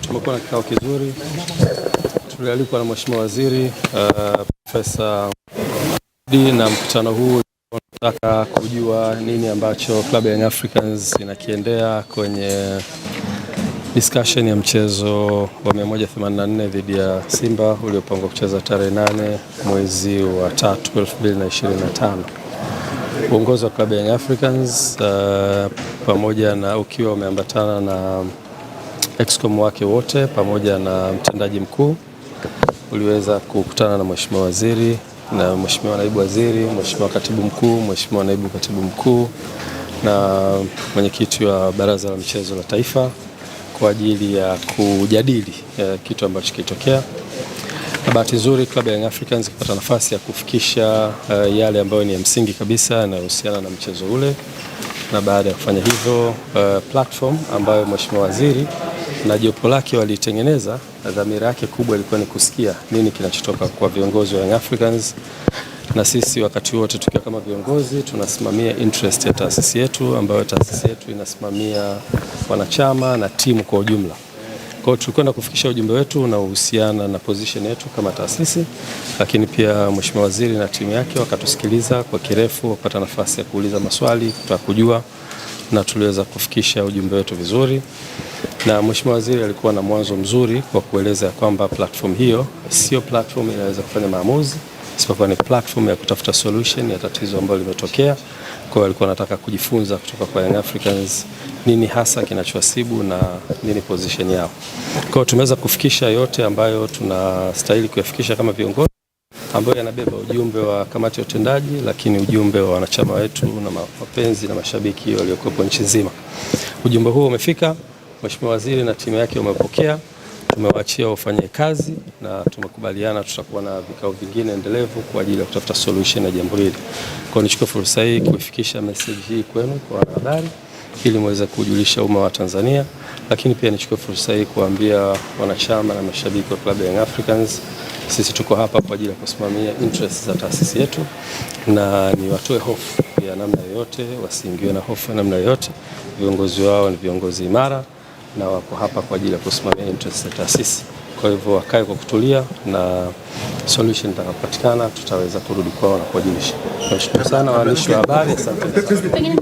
Tumekuwa na kikao kizuri, tulialikwa na Mheshimiwa Waziri uh, Profesa Di, na mkutano huu nataka kujua nini ambacho klabu ya Young Africans inakiendea kwenye discussion ya mchezo wa 184 dhidi ya Simba uliopangwa kucheza tarehe nane mwezi wa 3 2025. Uongozi wa klabu ya Young Africans uh, pamoja na ukiwa umeambatana na EXCOM wake wote pamoja na mtendaji mkuu uliweza kukutana na mheshimiwa waziri na mheshimiwa naibu waziri, mheshimiwa katibu mkuu, mheshimiwa naibu katibu mkuu na mwenyekiti wa Baraza la Michezo la Taifa kwa ajili ya kujadili ya eh, kitu ambacho kilitokea. Na bahati nzuri klabu ya Young Africans ikapata nafasi ya kufikisha uh, yale ambayo ni ya msingi kabisa yanayohusiana na mchezo ule, na baada ya kufanya hivyo uh, platform ambayo mheshimiwa waziri na jopo lake walitengeneza, dhamira yake kubwa ilikuwa ni kusikia nini kinachotoka kwa viongozi wa Young Africans, na sisi wakati wote tukiwa kama viongozi tunasimamia interest ya taasisi yetu, ambayo taasisi yetu inasimamia wanachama na timu kwa ujumla. Kwa hiyo tulikwenda kufikisha ujumbe wetu unaohusiana na position yetu kama taasisi, lakini pia Mheshimiwa Waziri na timu yake wakatusikiliza kwa kirefu, wakapata nafasi ya kuuliza maswali, kutaka kujua na tuliweza kufikisha ujumbe wetu vizuri na Mheshimiwa Waziri alikuwa na mwanzo mzuri kwa kueleza kwamba platform hiyo sio platform inaweza kufanya maamuzi, isipokuwa ni platform ya kutafuta solution ya tatizo ambalo limetokea. Kwa hiyo alikuwa anataka kujifunza kutoka kwa Young Africans nini hasa kinachowasibu na nini position yao. Kwa hiyo tumeweza kufikisha yote ambayo tunastahili kuyafikisha kama viongozi ambayo yanabeba ujumbe wa kamati ya utendaji, lakini ujumbe wa wanachama wetu na mapenzi na mashabiki waliokuwepo nchi nzima. Ujumbe huo umefika. Mheshimiwa Waziri na timu yake umepokea, tumewaachia wafanye kazi na tumekubaliana tutakuwa na vikao vingine endelevu kwa ajili ya kutafuta solution ya jambo hili. Kwa hiyo nichukue fursa hii kuifikisha message hii kwenu kwa wanahabari ili muweze kujulisha umma wa Tanzania, lakini pia nichukue fursa hii kuambia wanachama na mashabiki wa klabu ya Young Africans, sisi tuko hapa kwa ajili ya kusimamia interest za taasisi yetu, na ni watoe hofu ya namna yoyote, wasiingiwe na hofu ya namna yoyote. Viongozi wao ni viongozi imara na wako hapa kwa ajili ya kusimamia interest ya taasisi. Kwa hivyo wakae kwa kutulia na solution itakapatikana tutaweza kurudi kwao na kuwajulisha. Nashukuru sana waandishi wa habari, asante.